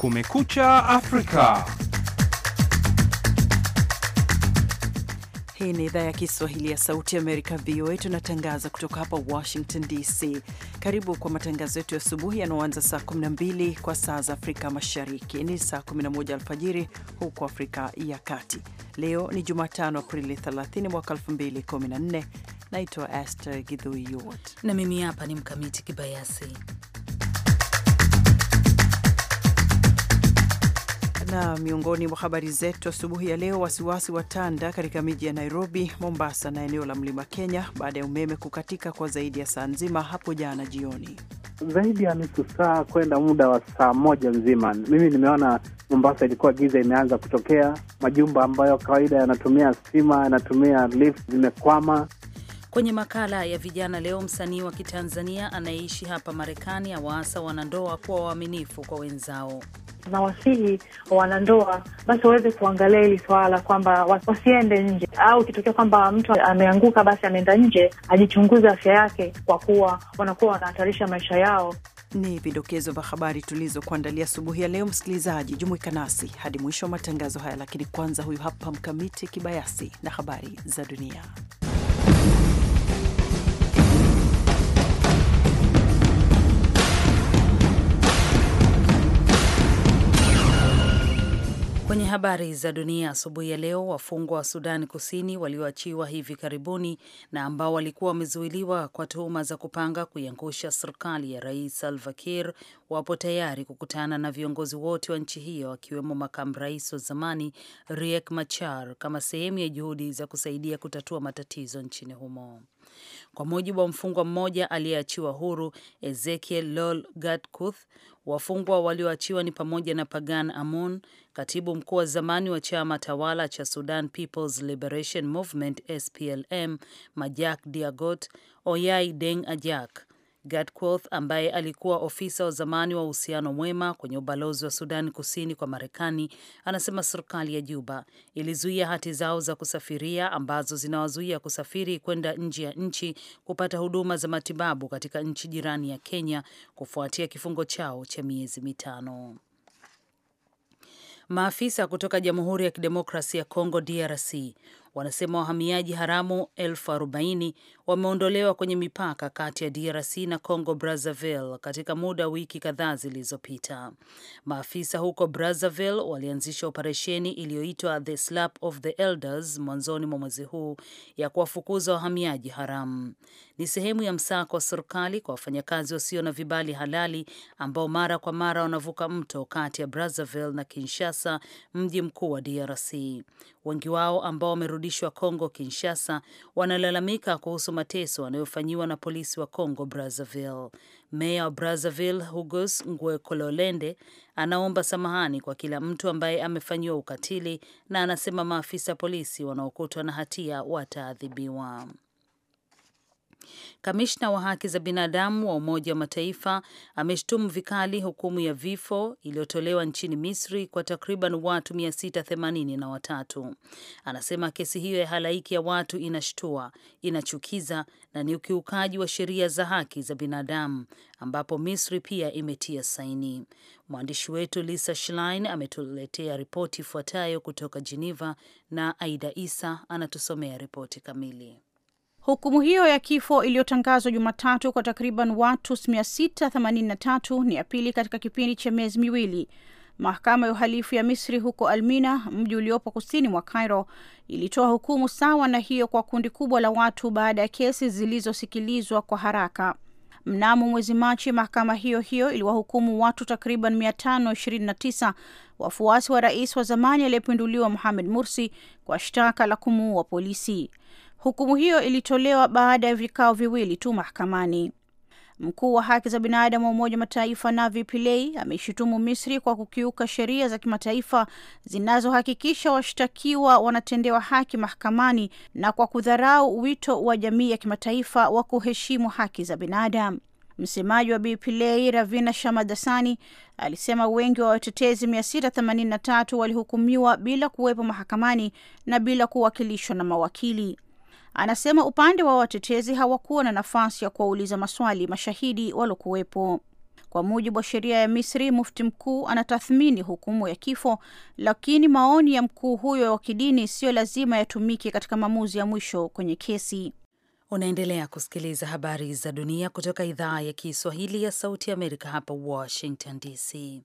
Kumekucha Afrika. Hii ni idhaa ya Kiswahili ya Sauti ya Amerika, VOA. Tunatangaza kutoka hapa Washington DC. Karibu kwa matangazo yetu ya asubuhi yanaoanza saa 12 kwa saa za Afrika Mashariki, ni saa 11 alfajiri huko Afrika ya Kati. Leo ni Jumatano, Aprili 30 mwaka 2014. Naitwa Esther Gidhui na mimi hapa ni Mkamiti Kibayasi Na miongoni mwa habari zetu asubuhi ya leo, wasiwasi wa tanda katika miji ya Nairobi, Mombasa na eneo la mlima Kenya baada ya umeme kukatika kwa zaidi ya saa nzima hapo jana jioni, zaidi ya nusu saa kwenda muda wa saa moja nzima. Mimi nimeona Mombasa ilikuwa giza imeanza kutokea, majumba ambayo kawaida yanatumia stima, yanatumia lift zimekwama. Kwenye makala ya vijana leo, msanii wa Kitanzania anayeishi hapa Marekani awaasa wanandoa kuwa waaminifu kwa wenzao na wasihi wanandoa basi waweze kuangalia hili swala kwamba wasiende nje, au ikitokea kwamba mtu ameanguka basi ameenda nje, ajichunguze afya yake, kwa kuwa wanakuwa wanahatarisha maisha yao. Ni vidokezo vya habari tulizokuandalia asubuhi ya leo. Msikilizaji, jumuika nasi hadi mwisho wa matangazo haya, lakini kwanza, huyu hapa Mkamiti Kibayasi na habari za dunia. Kwenye habari za dunia asubuhi ya leo, wafungwa wa Sudani Kusini walioachiwa hivi karibuni na ambao walikuwa wamezuiliwa kwa tuhuma za kupanga kuiangusha serikali ya Rais Salva Kiir wapo tayari kukutana na viongozi wote wa nchi hiyo akiwemo makamu rais wa zamani Riek Machar kama sehemu ya juhudi za kusaidia kutatua matatizo nchini humo. Kwa mujibu wa mfungwa mmoja aliyeachiwa huru Ezekiel Lol Gatkuth, wafungwa walioachiwa ni pamoja na Pagan Amun, Katibu mkuu wa zamani wa chama tawala cha Sudan People's Liberation Movement SPLM, Majak Diagot Oyai Deng Ajak Gatquoth ambaye alikuwa ofisa wa zamani wa uhusiano mwema kwenye ubalozi wa Sudan Kusini kwa Marekani anasema serikali ya Juba ilizuia hati zao za kusafiria ambazo zinawazuia kusafiri kwenda nje ya nchi kupata huduma za matibabu katika nchi jirani ya Kenya kufuatia kifungo chao cha miezi mitano. Maafisa kutoka Jamhuri ya Kidemokrasi ya Kongo, DRC, wanasema wahamiaji haramu elfu arobaini wameondolewa kwenye mipaka kati ya DRC na Congo Brazzaville katika muda wa wiki kadhaa zilizopita. Maafisa huko Brazzaville walianzisha operesheni iliyoitwa The Slap of the Elders mwanzoni mwa mwezi huu ya kuwafukuza wahamiaji haramu. Ni sehemu ya msako wa serikali kwa wafanyakazi wasio na vibali halali ambao mara kwa mara wanavuka mto kati ya Brazzaville na Kinshasa, mji mkuu wa DRC. Wengi wao ambao wamerudi waandishi wa Kongo Kinshasa wanalalamika kuhusu mateso wanayofanyiwa na polisi wa Kongo Brazzaville. Meya wa Brazzaville Hugus nguekololende anaomba samahani kwa kila mtu ambaye amefanyiwa ukatili na anasema maafisa polisi wanaokutwa na hatia wataadhibiwa. Kamishna wa haki za binadamu wa Umoja wa Mataifa ameshtumu vikali hukumu ya vifo iliyotolewa nchini Misri kwa takriban watu watatu Anasema kesi hiyo ya halaiki ya watu inashtua, inachukiza na ni ukiukaji wa sheria za haki za binadamu ambapo Misri pia imetia saini. Mwandishi wetu Lisa Schlein ametuletea ripoti ifuatayo kutoka Geneva na Aida Isa anatusomea ripoti kamili. Hukumu hiyo ya kifo iliyotangazwa Jumatatu kwa takriban watu 683 ni ya pili katika kipindi cha miezi miwili. Mahakama ya uhalifu ya Misri huko Almina, mji uliopo kusini mwa Cairo, ilitoa hukumu sawa na hiyo kwa kundi kubwa la watu baada ya kesi zilizosikilizwa kwa haraka. Mnamo mwezi Machi, mahakama hiyo hiyo iliwahukumu watu takriban 529 wafuasi wa rais wa zamani aliyepinduliwa Mohamed Mursi kwa shtaka la kumuua polisi. Hukumu hiyo ilitolewa baada ya vikao viwili tu mahakamani. Mkuu wa haki za binadamu wa Umoja Mataifa Navi Pillay ameishutumu Misri kwa kukiuka sheria za kimataifa zinazohakikisha washtakiwa wanatendewa haki mahakamani na kwa kudharau wito wa jamii ya kimataifa wa kuheshimu haki za binadamu. Msemaji wa bplei Ravina Shamadasani alisema wengi wa watetezi 683 walihukumiwa bila kuwepo mahakamani na bila kuwakilishwa na mawakili. Anasema upande wa watetezi hawakuwa na nafasi ya kuwauliza maswali mashahidi waliokuwepo. Kwa mujibu wa sheria ya Misri, mufti mkuu anatathmini hukumu ya kifo, lakini maoni ya mkuu huyo wa kidini siyo lazima yatumike katika maamuzi ya mwisho kwenye kesi. Unaendelea kusikiliza habari za dunia kutoka idhaa ya Kiswahili ya Sauti ya Amerika hapa Washington DC.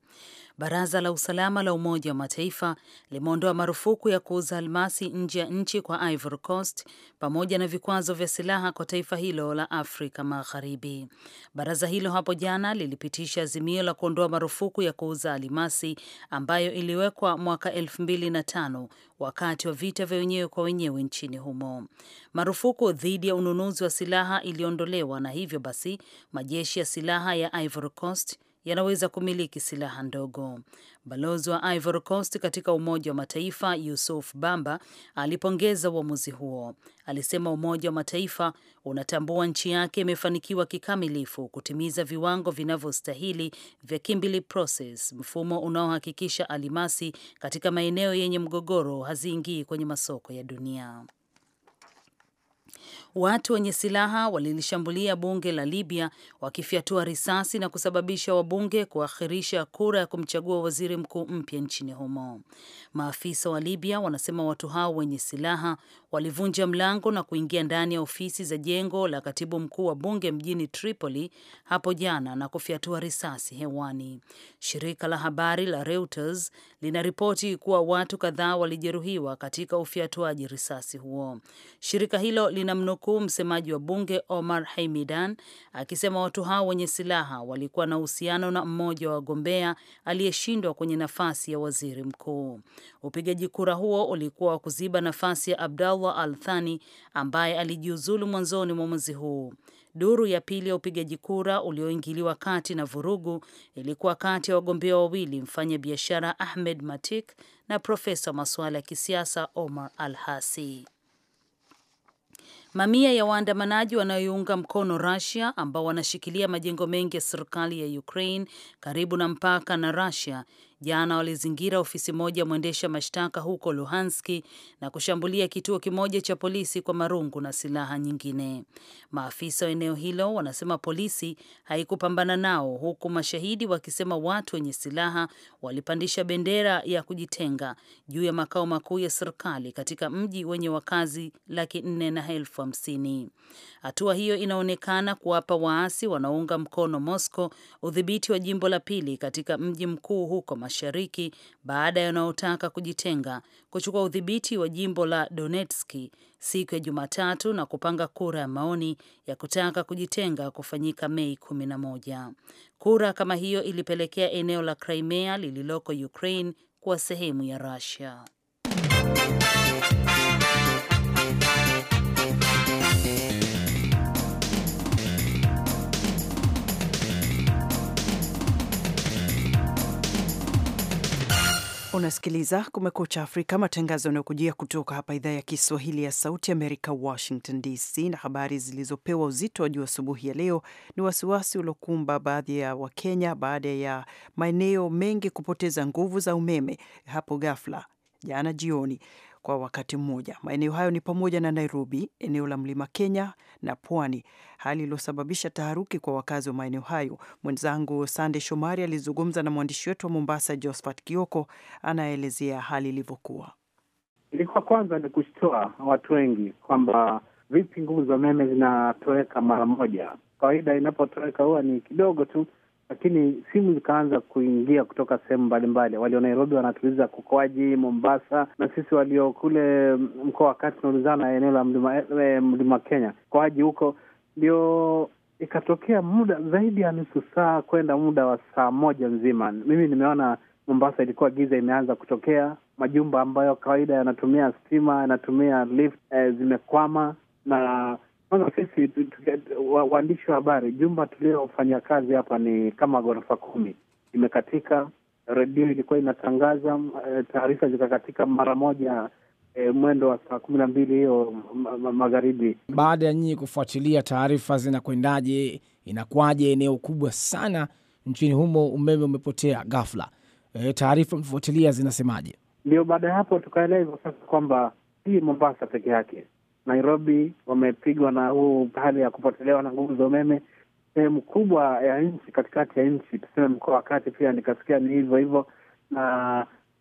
Baraza la Usalama la Umoja wa Mataifa limeondoa marufuku ya kuuza almasi nje ya nchi kwa Ivory Coast pamoja na vikwazo vya silaha kwa taifa hilo la Afrika Magharibi. Baraza hilo hapo jana lilipitisha azimio la kuondoa marufuku ya kuuza almasi ambayo iliwekwa mwaka elfu mbili na tano wakati wa vita vya wenyewe kwa wenyewe nchini humo. Marufuku dhidi ya ununuzi wa silaha iliondolewa na hivyo basi majeshi ya silaha ya Ivory Coast yanaweza kumiliki silaha ndogo. Balozi wa Ivory Coast katika Umoja wa Mataifa Yusuf Bamba alipongeza uamuzi huo. Alisema Umoja wa Mataifa unatambua nchi yake imefanikiwa kikamilifu kutimiza viwango vinavyostahili vya Kimberley Process, mfumo unaohakikisha alimasi katika maeneo yenye mgogoro haziingii kwenye masoko ya dunia watu wenye silaha walilishambulia bunge la Libya wakifyatua risasi na kusababisha wabunge kuakhirisha kura ya kumchagua waziri mkuu mpya nchini humo. Maafisa wa Libya wanasema watu hao wenye silaha walivunja mlango na kuingia ndani ya ofisi za jengo la katibu mkuu wa bunge mjini Tripoli hapo jana na kufyatua risasi hewani. Shirika la habari la Reuters linaripoti kuwa watu kadhaa walijeruhiwa katika ufyatuaji risasi huo. Shirika hilo lina makuu msemaji wa bunge Omar Haimidan akisema watu hao wenye silaha walikuwa na uhusiano na mmoja wa wagombea aliyeshindwa kwenye nafasi ya waziri mkuu. Upigaji kura huo ulikuwa wa kuziba nafasi ya Abdallah Al Thani ambaye alijiuzulu mwanzoni mwa mwezi huu. Duru ya pili ya upigaji kura ulioingiliwa kati na vurugu ilikuwa kati ya wagombea wawili, mfanya biashara Ahmed Matik na profesa wa masuala ya kisiasa Omar Al Hasi. Mamia ya waandamanaji wanaoiunga mkono Russia ambao wanashikilia majengo mengi ya serikali ya Ukraine karibu na mpaka na Russia Jana walizingira ofisi moja mwendesha mashtaka huko Luhanski na kushambulia kituo kimoja cha polisi kwa marungu na silaha nyingine. Maafisa wa eneo hilo wanasema polisi haikupambana nao, huku mashahidi wakisema watu wenye silaha walipandisha bendera ya kujitenga juu ya makao makuu ya serikali katika mji wenye wakazi laki nne na elfu hamsini. Hatua hiyo inaonekana kuwapa waasi wanaounga mkono Moscow udhibiti wa jimbo la pili katika mji mkuu huko Mashariki baada ya wanaotaka kujitenga kuchukua udhibiti wa jimbo la donetski siku ya Jumatatu na kupanga kura ya maoni ya kutaka kujitenga kufanyika Mei 11. Kura kama hiyo ilipelekea eneo la Crimea lililoko Ukraine kuwa sehemu ya Russia. Unasikiliza Kumekucha Afrika, matangazo yanayokujia kutoka hapa idhaa ya Kiswahili ya Sauti Amerika, Washington DC. Na habari zilizopewa uzito wa juu asubuhi ya leo ni wasiwasi uliokumba baadhi ya Wakenya baada ya maeneo mengi kupoteza nguvu za umeme hapo ghafla jana jioni kwa wakati mmoja. Maeneo hayo ni pamoja na Nairobi, eneo la Mlima Kenya na Pwani, hali iliyosababisha taharuki kwa wakazi wa maeneo hayo. Mwenzangu Sande Shomari alizungumza na mwandishi wetu wa Mombasa, Josphat Kioko, anaelezea hali ilivyokuwa. Ilikuwa kwanza ni kushtua watu wengi kwamba vipi nguvu za umeme zinatoweka mara moja. Kawaida inapotoweka huwa ni kidogo tu, lakini simu zikaanza kuingia kutoka sehemu mbalimbali. Walio Nairobi wanatuliza kukoaji, Mombasa, na sisi walio kule mkoa wa kati tunaulizana eneo la mlima, eh, mlima Kenya koaji huko, ndio ikatokea muda zaidi ya nusu saa kwenda muda wa saa moja nzima. Mimi nimeona Mombasa ilikuwa giza imeanza kutokea, majumba ambayo kawaida yanatumia stima yanatumia lift e, zimekwama na kwanza sisi waandishi wa habari, jumba tuliofanya kazi hapa ni kama ghorofa kumi, imekatika. Redio ilikuwa inatangaza eh, taarifa, zikakatika mara moja e, mwendo wa saa kumi na mbili hiyo magharibi. Baada ya nyinyi kufuatilia taarifa zinakwendaje, inakuwaje, eneo kubwa sana nchini humo umeme umepotea ghafla, e, taarifa mfuatilia zinasemaje? Ndio baada ya hapo tukaelezwa sasa kwamba hii Mombasa peke yake Nairobi wamepigwa na huu hali ya kupotelewa na nguvu za umeme sehemu kubwa ya nchi, katikati ya nchi, tuseme mkoa wa kati, pia nikasikia ni hivyo hivyo, na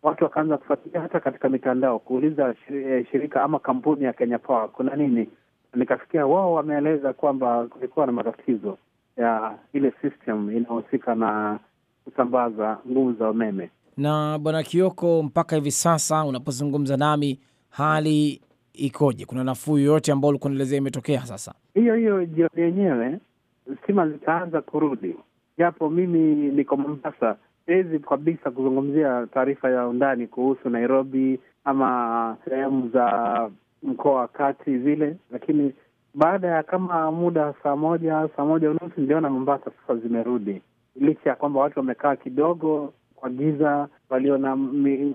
watu wakaanza kufuatilia hata katika mitandao kuuliza eh, shirika ama kampuni ya Kenya Power kuna nini. Nikafikia wao wameeleza kwamba kulikuwa na matatizo ya ile system inayohusika na kusambaza nguvu za umeme. Na Bwana Kioko, mpaka hivi sasa unapozungumza nami, hali ikoje? Kuna nafuu yoyote ambao ulikuwa unaelezea imetokea sasa? Hiyo hiyo jioni yenyewe stima zitaanza kurudi, japo mimi niko Mombasa, siwezi kabisa kuzungumzia taarifa ya undani kuhusu Nairobi ama sehemu za mkoa wa kati zile, lakini baada ya kama muda saa moja saa moja unusu niliona Mombasa sasa zimerudi, licha ya kwamba watu wamekaa kidogo kwa giza, walio na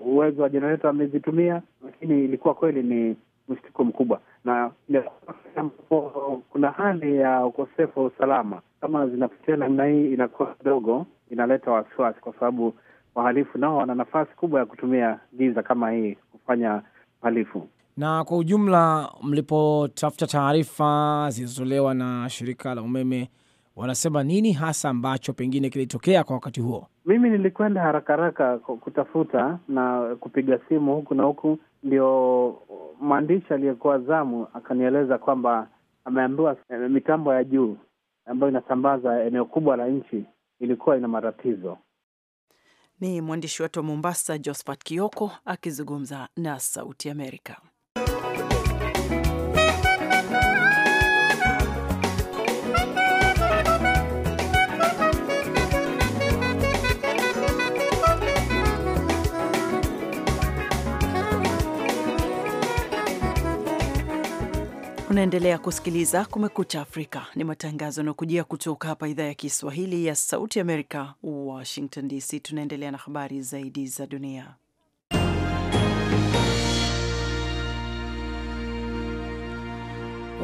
uwezo wa jenereta wamezitumia, lakini ilikuwa kweli ni mshtuko mkubwa, na kuna hali ya ukosefu wa usalama. Kama zinapitia namna hii, inakuwa kidogo inaleta wasiwasi, kwa sababu wahalifu nao wana nafasi kubwa ya kutumia giza kama hii kufanya uhalifu. Na kwa ujumla, mlipotafuta taarifa zilizotolewa na shirika la umeme wanasema nini hasa ambacho pengine kilitokea kwa wakati huo? Mimi nilikwenda haraka haraka kutafuta na kupiga simu huku na huku, ndio mwandishi aliyekuwa zamu akanieleza kwamba ameambiwa eh, mitambo ya juu ambayo inasambaza eneo kubwa la nchi ilikuwa ina matatizo. Ni mwandishi wetu wa Mombasa, Josphat Kioko akizungumza na Sauti Amerika. Unaendelea kusikiliza Kumekucha Afrika, ni matangazo yanayokujia kutoka hapa idhaa ya Kiswahili ya Sauti Amerika, Washington DC. Tunaendelea na habari zaidi za dunia.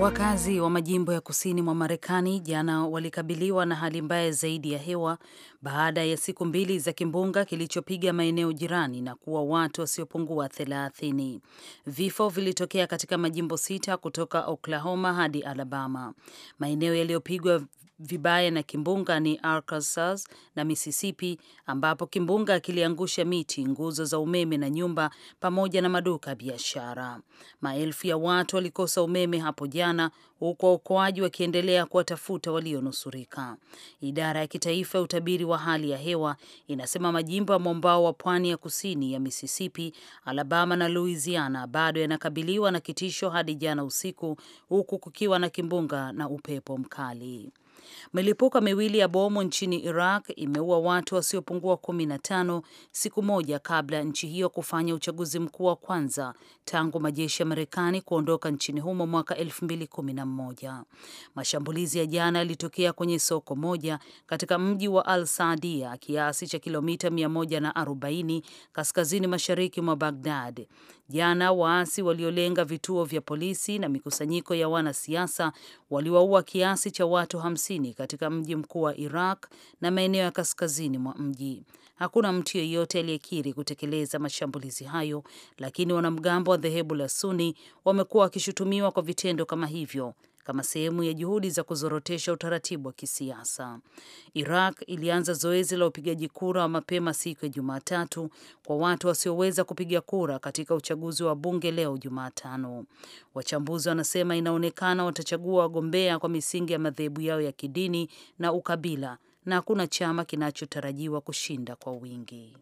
Wakazi wa majimbo ya kusini mwa Marekani jana walikabiliwa na hali mbaya zaidi ya hewa baada ya siku mbili za kimbunga kilichopiga maeneo jirani na kuwa watu wasiopungua thelathini. Vifo vilitokea katika majimbo sita kutoka Oklahoma hadi Alabama. Maeneo yaliyopigwa vibaya na kimbunga ni Arkansas na Mississippi, ambapo kimbunga kiliangusha miti, nguzo za umeme na nyumba pamoja na maduka ya biashara. Maelfu ya watu walikosa umeme hapo jana, huku waokoaji wakiendelea kuwatafuta walionusurika. Idara ya kitaifa ya utabiri wa hali ya hewa inasema majimbo ya mwambao wa pwani ya kusini ya Mississippi, Alabama na Louisiana bado yanakabiliwa na kitisho hadi jana usiku, huku kukiwa na kimbunga na upepo mkali. Milipuko miwili ya bomu nchini Iraq imeua watu wasiopungua kumi na tano siku moja kabla ya nchi hiyo kufanya uchaguzi mkuu wa kwanza tangu majeshi ya Marekani kuondoka nchini humo mwaka 2011. Mashambulizi ya jana yalitokea kwenye soko moja katika mji wa Al Saadia, kiasi cha kilomita 140 kaskazini mashariki mwa Bagdad. Jana waasi waliolenga vituo vya polisi na mikusanyiko ya wanasiasa waliwaua kiasi cha watu hamsini katika mji mkuu wa Iraq na maeneo ya kaskazini mwa mji. Hakuna mtu yeyote aliyekiri kutekeleza mashambulizi hayo, lakini wanamgambo wa dhehebu la Suni wamekuwa wakishutumiwa kwa vitendo kama hivyo kama sehemu ya juhudi za kuzorotesha utaratibu wa kisiasa. Iraq ilianza zoezi la upigaji kura wa mapema siku ya Jumatatu kwa watu wasioweza kupiga kura katika uchaguzi wa bunge leo Jumatano. Wachambuzi wanasema inaonekana watachagua wagombea kwa misingi ya madhehebu yao ya kidini na ukabila na hakuna chama kinachotarajiwa kushinda kwa wingi.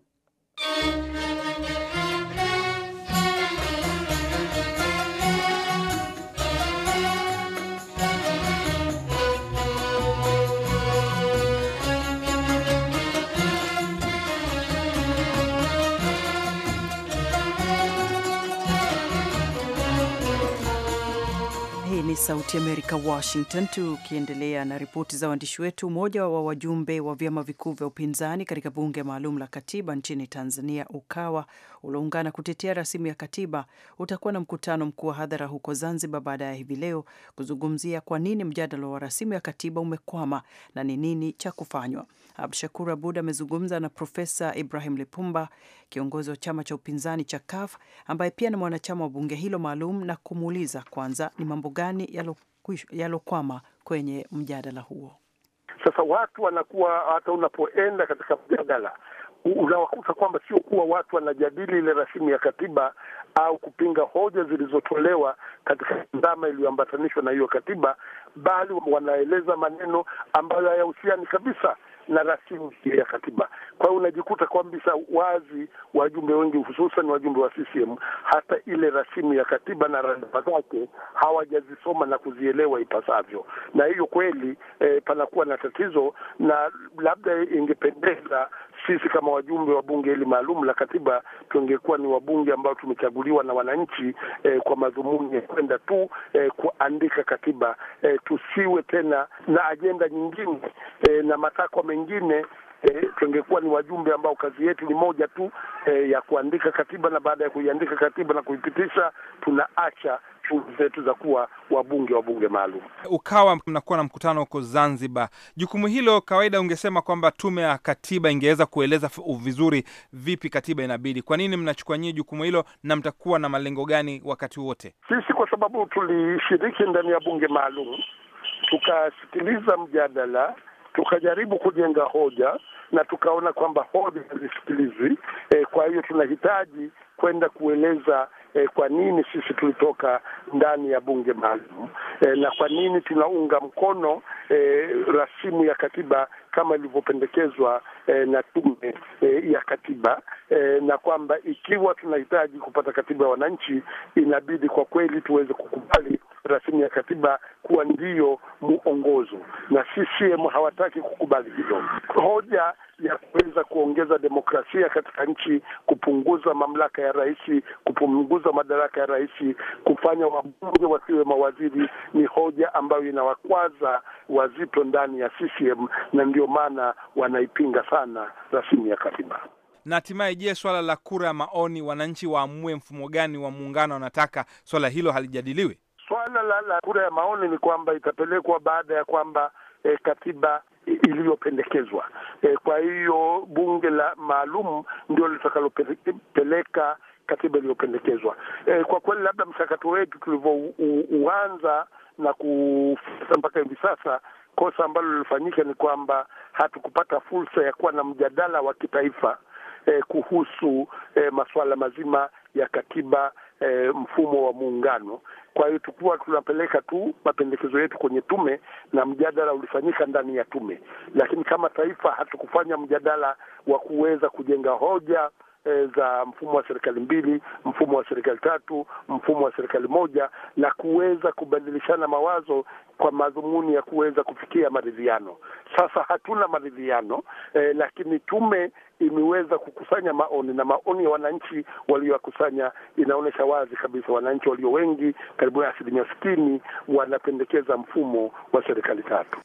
ni Sauti Amerika, Washington. Tukiendelea na ripoti za waandishi wetu, mmoja wa wajumbe wa vyama vikuu vya upinzani katika bunge maalum la katiba nchini Tanzania, UKAWA, ulioungana kutetea rasimu ya katiba, utakuwa na mkutano mkuu wa hadhara huko Zanzibar baadaye hivi leo kuzungumzia kwa nini mjadala wa rasimu ya katiba umekwama na ni nini cha kufanywa. Abdushakur Abud amezungumza na Profesa Ibrahim Lipumba, kiongozi wa chama cha upinzani cha KAF ambaye pia ni mwanachama wa bunge hilo maalum, na kumuuliza kwanza ni mambo gani nini yalokwama kwenye mjadala huo? Sasa watu wanakuwa hata unapoenda katika mjadala unawakuta kwamba sio kuwa watu wanajadili ile rasimu ya katiba au kupinga hoja zilizotolewa katika ndama iliyoambatanishwa na hiyo katiba, bali wanaeleza maneno ambayo hayahusiani kabisa na rasimu ya katiba. Kwa hiyo unajikuta kwamba wazi wajumbe wengi hususan wajumbe wa CCM hata ile rasimu ya katiba na rada zake hawajazisoma na kuzielewa ipasavyo, na hiyo kweli eh, panakuwa na tatizo, na labda ingependeza sisi kama wajumbe wa bunge hili maalum la katiba tungekuwa ni wabunge ambao tumechaguliwa na wananchi eh, kwa madhumuni ya kwenda tu eh, kuandika katiba eh, tusiwe tena na ajenda nyingine eh, na matakwa mengine. E, tungekuwa ni wajumbe ambao kazi yetu ni moja tu e, ya kuandika katiba, na baada ya kuiandika katiba na kuipitisha tunaacha shughuli zetu za kuwa wabunge wa bunge maalum. Ukawa mnakuwa na mkutano huko Zanzibar, jukumu hilo kawaida, ungesema kwamba tume ya katiba ingeweza kueleza vizuri vipi katiba inabidi. Kwa nini mnachukua nyie jukumu hilo, na mtakuwa na malengo gani wakati wote? Sisi kwa sababu tulishiriki ndani ya bunge maalum, tukasikiliza mjadala, tukajaribu kujenga hoja na tukaona kwamba hoja hazisikilizwi. E, kwa hiyo tunahitaji kwenda kueleza eh, kwa nini sisi tulitoka ndani ya bunge maalum eh, na kwa nini tunaunga mkono eh, rasimu ya katiba kama ilivyopendekezwa eh, na tume eh, ya katiba eh, na kwamba ikiwa tunahitaji kupata katiba ya wananchi inabidi kwa kweli tuweze kukubali rasimu ya katiba kuwa ndiyo muongozo, na CCM hawataki kukubali hilo. Hoja ya kuweza kuongeza demokrasia katika nchi, kupunguza mamlaka ya rais, kupunguza madaraka ya rais, kufanya wabunge wasiwe mawaziri ni hoja ambayo inawakwaza wazito ndani ya CCM, na ndiyo maana wanaipinga sana rasimu ya katiba na hatimaye, je, swala la kura ya maoni, wananchi waamue mfumo gani wa muungano wanataka, swala hilo halijadiliwe Swala la, la kura ya maoni ni kwamba itapelekwa baada ya kwamba eh, katiba iliyopendekezwa eh, kwa hiyo bunge la maalum ndio litakalopeleka katiba iliyopendekezwa. Eh, kwa kweli labda mchakato wetu tulivyouanza na kufika mpaka hivi sasa, kosa ambalo lilifanyika ni kwamba hatukupata fursa ya kuwa na mjadala wa kitaifa eh, kuhusu eh, masuala mazima ya katiba e, mfumo wa muungano. Kwa hiyo tukuwa tunapeleka tu mapendekezo yetu kwenye tume na mjadala ulifanyika ndani ya tume, lakini kama taifa hatukufanya mjadala wa kuweza kujenga hoja e, za mfumo wa serikali mbili, mfumo wa serikali tatu, mfumo wa serikali moja, na kuweza kubadilishana mawazo kwa madhumuni ya kuweza kufikia maridhiano. Sasa hatuna maridhiano e, lakini tume imeweza kukusanya maoni na maoni ya wananchi walioyakusanya inaonyesha wazi kabisa, wananchi walio wengi, karibu ya asilimia sitini, wanapendekeza mfumo wa serikali tatu.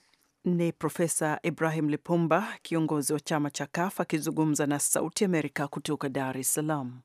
Ni Profesa Ibrahim Lipumba, kiongozi wa chama cha KAF akizungumza na Sauti Amerika kutoka Dar es Salaam.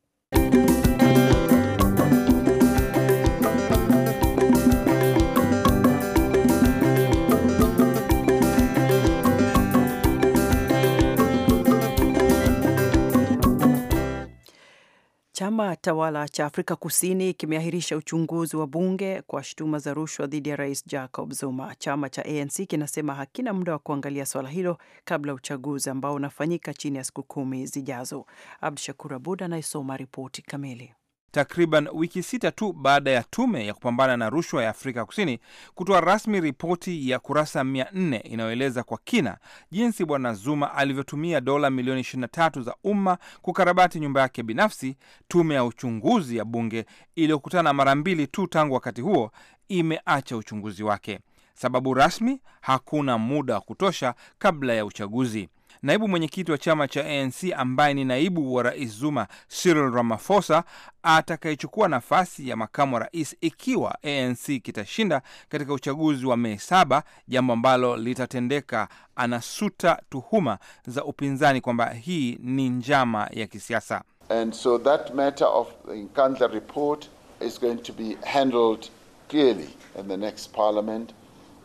Chama tawala cha Afrika Kusini kimeahirisha uchunguzi wa bunge kwa shutuma za rushwa dhidi ya rais Jacob Zuma. Chama cha ANC kinasema hakina muda wa kuangalia swala hilo kabla ya uchaguzi ambao unafanyika chini ya siku kumi zijazo. Abdu Shakur Abud anayesoma ripoti kamili takriban wiki sita tu baada ya tume ya kupambana na rushwa ya Afrika Kusini kutoa rasmi ripoti ya kurasa 4 inayoeleza kwa kina jinsi Bwana Zuma alivyotumia dola milioni 23 za umma kukarabati nyumba yake binafsi. Tume ya uchunguzi ya bunge iliyokutana mara mbili tu tangu wakati huo imeacha uchunguzi wake, sababu rasmi hakuna muda wa kutosha kabla ya uchaguzi. Naibu mwenyekiti wa chama cha ANC ambaye ni naibu wa rais Zuma, Cyril Ramaphosa, atakayechukua nafasi ya makamu wa rais ikiwa ANC kitashinda katika uchaguzi wa Mei saba, jambo ambalo litatendeka. Anasuta tuhuma za upinzani kwamba hii ni njama ya kisiasa. And so that matter of Nkandla report is going to be handled clearly in the next parliament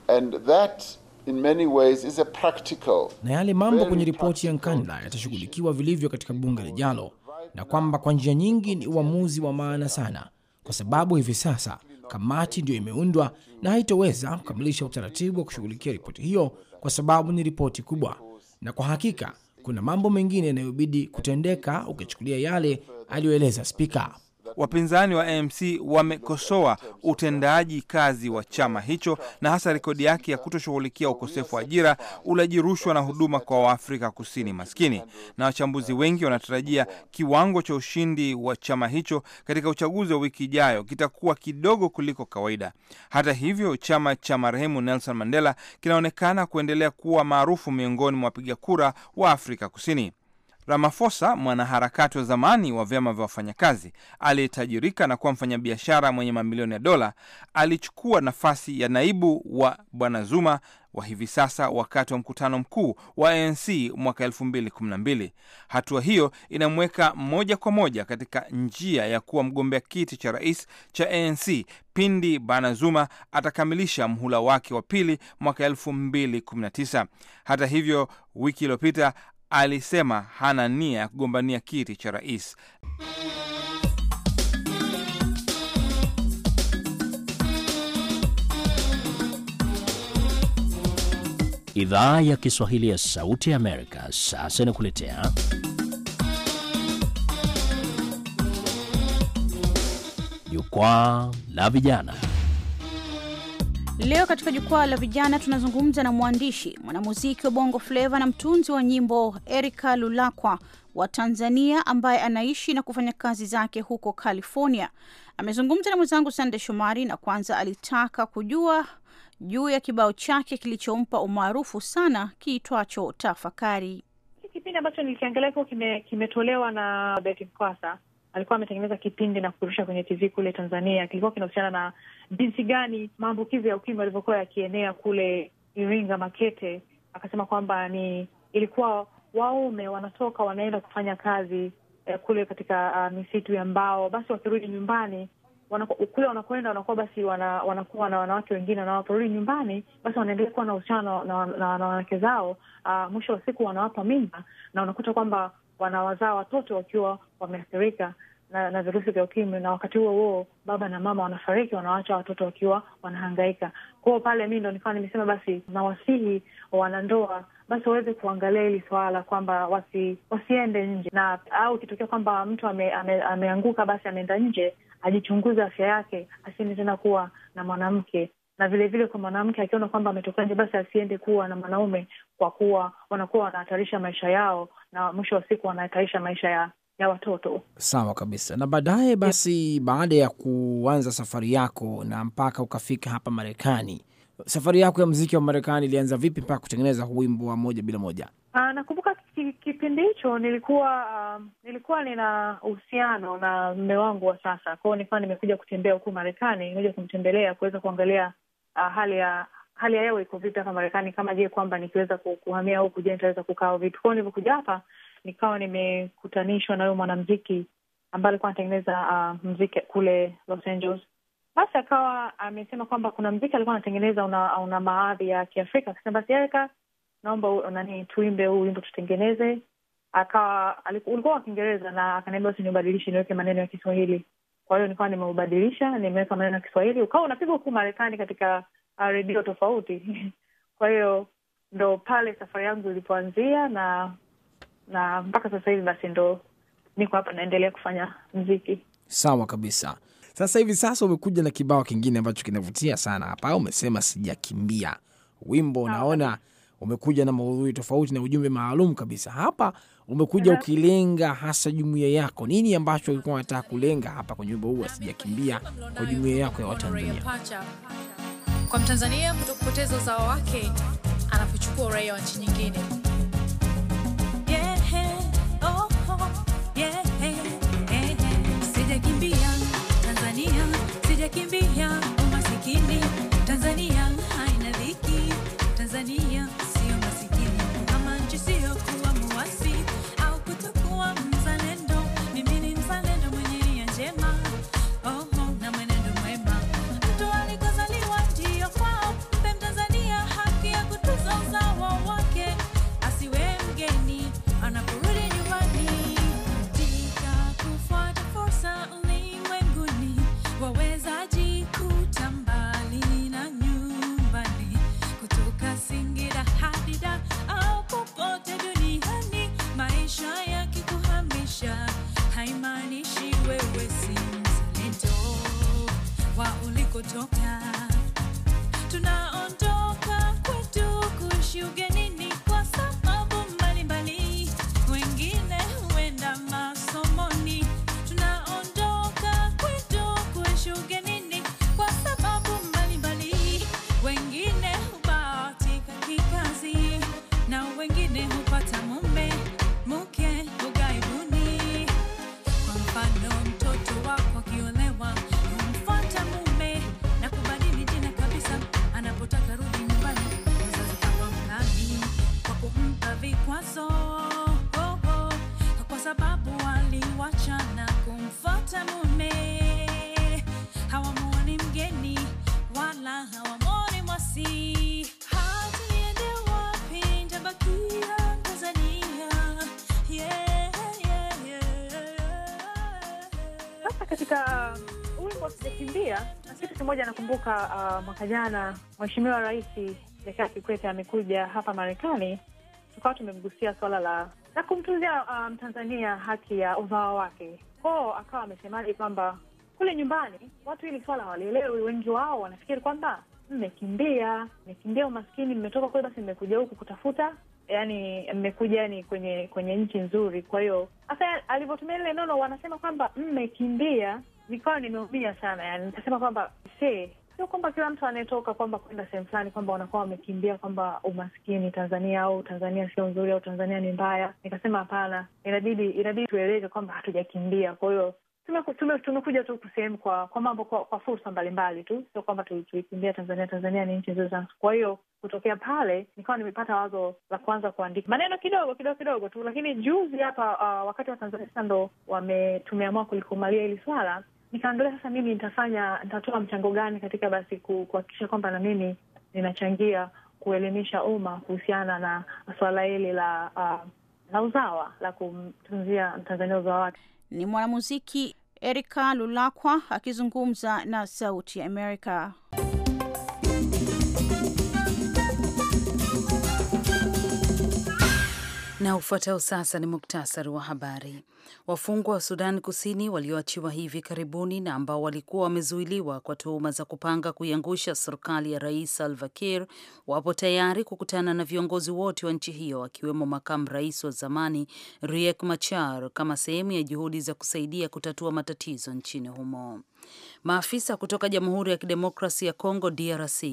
and that In many ways is a practical, na yale mambo kwenye ripoti ya Nkandla yatashughulikiwa vilivyo katika bunge lijalo, na kwamba kwa njia nyingi ni uamuzi wa maana sana, kwa sababu hivi sasa kamati ndiyo imeundwa na haitoweza kukamilisha utaratibu wa kushughulikia ripoti hiyo, kwa sababu ni ripoti kubwa, na kwa hakika kuna mambo mengine yanayobidi kutendeka, ukichukulia yale aliyoeleza spika. Wapinzani wa amc wamekosoa utendaji kazi wa chama hicho na hasa rekodi yake ya kutoshughulikia ukosefu wa ajira, ulaji rushwa na huduma kwa Waafrika Kusini maskini. Na wachambuzi wengi wanatarajia kiwango cha ushindi wa chama hicho katika uchaguzi wa wiki ijayo kitakuwa kidogo kuliko kawaida. Hata hivyo, chama cha marehemu Nelson Mandela kinaonekana kuendelea kuwa maarufu miongoni mwa wapiga kura wa Afrika Kusini ramafosa mwanaharakati wa zamani wa vyama vya wafanyakazi aliyetajirika na kuwa mfanyabiashara mwenye mamilioni ya dola, alichukua nafasi ya naibu wa bwana Zuma wa hivi sasa wakati wa mkutano mkuu wa ANC mwaka mbili. Hatua hiyo inamweka moja kwa moja katika njia ya kuwa mgombea kiti cha rais cha ANC pindi bwana Zuma atakamilisha mhula wake wa pili mwaka tisa. Hata hivyo, wiki iliyopita alisema hana nia ya kugombania kiti cha rais. Idhaa ya Kiswahili ya Sauti ya Amerika sasa inakuletea jukwaa la vijana. Leo katika jukwaa la vijana tunazungumza na mwandishi, mwanamuziki wa Bongo Fleva na mtunzi wa nyimbo Erika Lulakwa wa Tanzania ambaye anaishi na kufanya kazi zake huko California. Amezungumza na mwenzangu Sande Shomari na kwanza alitaka kujua juu ya kibao chake kilichompa umaarufu sana kiitwacho Tafakari. Kipindi ambacho nilikiangalia kime kimetolewa na Betty Mkwasa alikuwa ametengeneza kipindi na kurusha kwenye TV kule Tanzania, kilikuwa kinahusiana na jinsi gani maambukizi ya ukimwi yalivyokuwa yakienea kule Iringa Makete. Akasema kwamba ni ilikuwa waume wanatoka wanaenda kufanya kazi eh, kule katika uh, misitu ya mbao, basi wakirudi nyumbani wanaku, kule wanakoenda wanakuwa basi wana, wanakuwa na wanawake wengine, na wanaporudi nyumbani basi wanaendelea kuwa na uhusiano na wanawake zao. Uh, mwisho wa siku wanawapa mimba na wanakuta kwamba wanawazaa watoto wakiwa wameathirika na, na virusi vya ukimwi, na wakati huo huo baba na mama wanafariki, wanawacha watoto wakiwa wanahangaika kwao. Pale mi ndo nikawa nimesema basi, nawasihi wanandoa basi waweze kuangalia hili swala kwamba wasi, wasiende nje na au ikitokea kwamba mtu ame, ame, ameanguka basi ameenda nje, ajichunguze afya yake, asiende tena kuwa na mwanamke na vilevile vile kwa mwanamke akiona kwamba ametoka nje, basi asiende kuwa na mwanaume, kwa kuwa wanakuwa wanahatarisha maisha yao na mwisho wa siku wanahatarisha maisha ya ya watoto. Sawa kabisa. Na baadaye basi, baada ya kuanza safari yako na mpaka ukafika hapa Marekani, safari yako ya mziki wa Marekani ilianza vipi mpaka kutengeneza huu wimbo wa moja bila moja? Uh, nakumbuka kipindi hicho nilikuwa um, nilikuwa nina uhusiano na mme wangu wa sasa, kwao hiyo nilikuwa nimekuja kutembea huku Marekani, nimekuja kumtembelea kuweza kuangalia uh, hali ya hali ya hewa iko vipi hapa Marekani, kama je kwamba nikiweza kuhamia huku, je nitaweza kukaa vitu Kwao nilivyokuja hapa nikawa nimekutanishwa na huyo mwanamziki ambaye alikuwa anatengeneza uh, ah, mziki kule Los Angeles. Basi akawa amesema uh, kwamba kuna mziki alikuwa anatengeneza una, una maadhi ya Kiafrika. Akasema basi Erika, naomba nani tuimbe huu wimbo tutengeneze. Akawa ulikuwa wa Kiingereza na akaniambia usiniubadilishi, niweke maneno ya Kiswahili kwa hiyo nikawa nimeubadilisha, nimeweka maneno ya Kiswahili ukawa unapigwa huku Marekani katika uh, redio tofauti kwa hiyo ndo pale safari yangu ilipoanzia na na mpaka sasa hivi basi ndo niko hapa naendelea kufanya mziki. Sawa kabisa. Sasa hivi sasa umekuja na kibao kingine ambacho kinavutia sana hapa, umesema sijakimbia wimbo, unaona umekuja na maudhui tofauti na ujumbe maalum kabisa. Hapa umekuja ukilenga hasa jumuia yako. Nini ambacho ulikuwa unataka kulenga hapa kwenye wimbo huu asijakimbia kwa jumuia yako ya Watanzania? Kwa Mtanzania kutokupoteza uzao wake anapochukua uraia wa nchi nyingine. kukimbia na kitu kimoja nakumbuka, uh, mwaka jana Mheshimiwa Rais Jakaya Kikwete amekuja hapa Marekani, tukawa tumemgusia swala la na kumtunzia uh, Mtanzania um, haki ya uzawa wake koo, akawa amesemaje kwamba kule nyumbani watu hili swala hawalielewi. Wengi wao wanafikiri kwamba mmekimbia, mmekimbia umaskini, mmetoka kule, basi mmekuja huku kutafuta yani mmekuja ni kwenye kwenye nchi nzuri. Kwa hiyo sasa alivyotumia lile neno, wanasema kwamba mmekimbia nikawa nimeumia sana, yani nikasema kwamba se sio kwamba kila mtu anayetoka kwamba kwenda sehemu fulani kwamba wanakuwa wamekimbia kwamba umaskini Tanzania au Tanzania sio nzuri au Tanzania ni mbaya. Nikasema hapana, inabidi inabidi tueleze kwamba hatujakimbia. Kwa hiyo tumekuja tu kusehemu kwa kwa mambo kwa, kwa fursa mbalimbali tu, sio kwamba tulikimbia Tanzania. Tanzania ni nchi nzuri sana. Kwa hiyo kutokea pale nikawa nimepata wazo la kuanza kuandika maneno kidogo kidogo kidogo tu, lakini juzi hapa uh, wakati wa Tanzania ndo wame tumeamua kulikumalia hili swala nikaangalia sasa, mimi nitafanya nitatoa mchango gani katika basi kuhakikisha kwamba na mimi ninachangia kuelimisha umma kuhusiana na swala hili la uh, la uzawa la kumtunzia Mtanzania uzawa wake. Ni mwanamuziki Erika Lulakwa akizungumza na Sauti ya Amerika. Na ufuatao sasa ni muktasari wa habari. Wafungwa wa Sudan Kusini walioachiwa hivi karibuni na ambao walikuwa wamezuiliwa kwa tuhuma za kupanga kuiangusha serikali ya Rais Salva Kiir wapo tayari kukutana na viongozi wote wa nchi hiyo akiwemo makamu rais wa zamani Riek Machar kama sehemu ya juhudi za kusaidia kutatua matatizo nchini humo. Maafisa kutoka Jamhuri ya Kidemokrasi ya congo DRC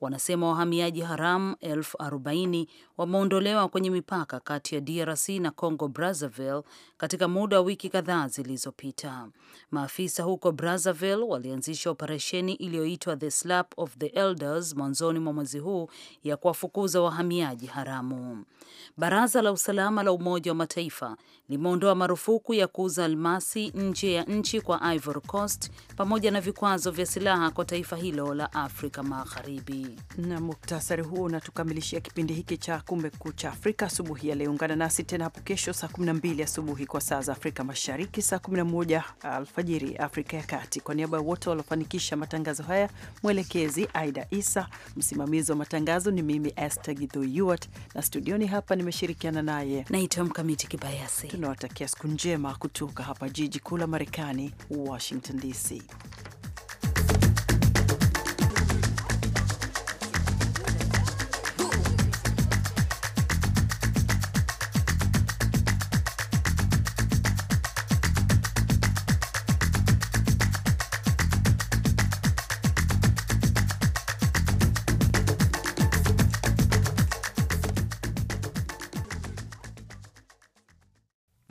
wanasema wahamiaji haramu elfu arobaini wameondolewa kwenye mipaka kati ya DRC na Congo Brazzaville katika muda wa wiki kadhaa zilizopita. Maafisa huko Brazzaville walianzisha operesheni iliyoitwa The Slap of the Elders mwanzoni mwa mwezi huu ya kuwafukuza wahamiaji haramu. Baraza la Usalama la Umoja wa Mataifa limeondoa marufuku ya kuuza almasi nje ya nchi kwa Ivory Coast pamoja na vikwazo vya silaha kwa taifa hilo la Afrika Magharibi. Na muktasari huo unatukamilishia kipindi hiki cha Kumekucha Afrika asubuhi ya leo. Ungana nasi tena hapo kesho saa 12 asubuhi kwa saa za Afrika Mashariki, saa 11 alfajiri Afrika ya Kati. Kwa niaba ya wote waliofanikisha matangazo haya, mwelekezi Aida Isa, msimamizi wa matangazo ni mimi Esther Githoyuat, na studioni hapa nimeshirikiana naye naitwa Mkamiti Kibayasi. Tunawatakia siku njema kutoka hapa jiji kuu la Marekani, Washington DC.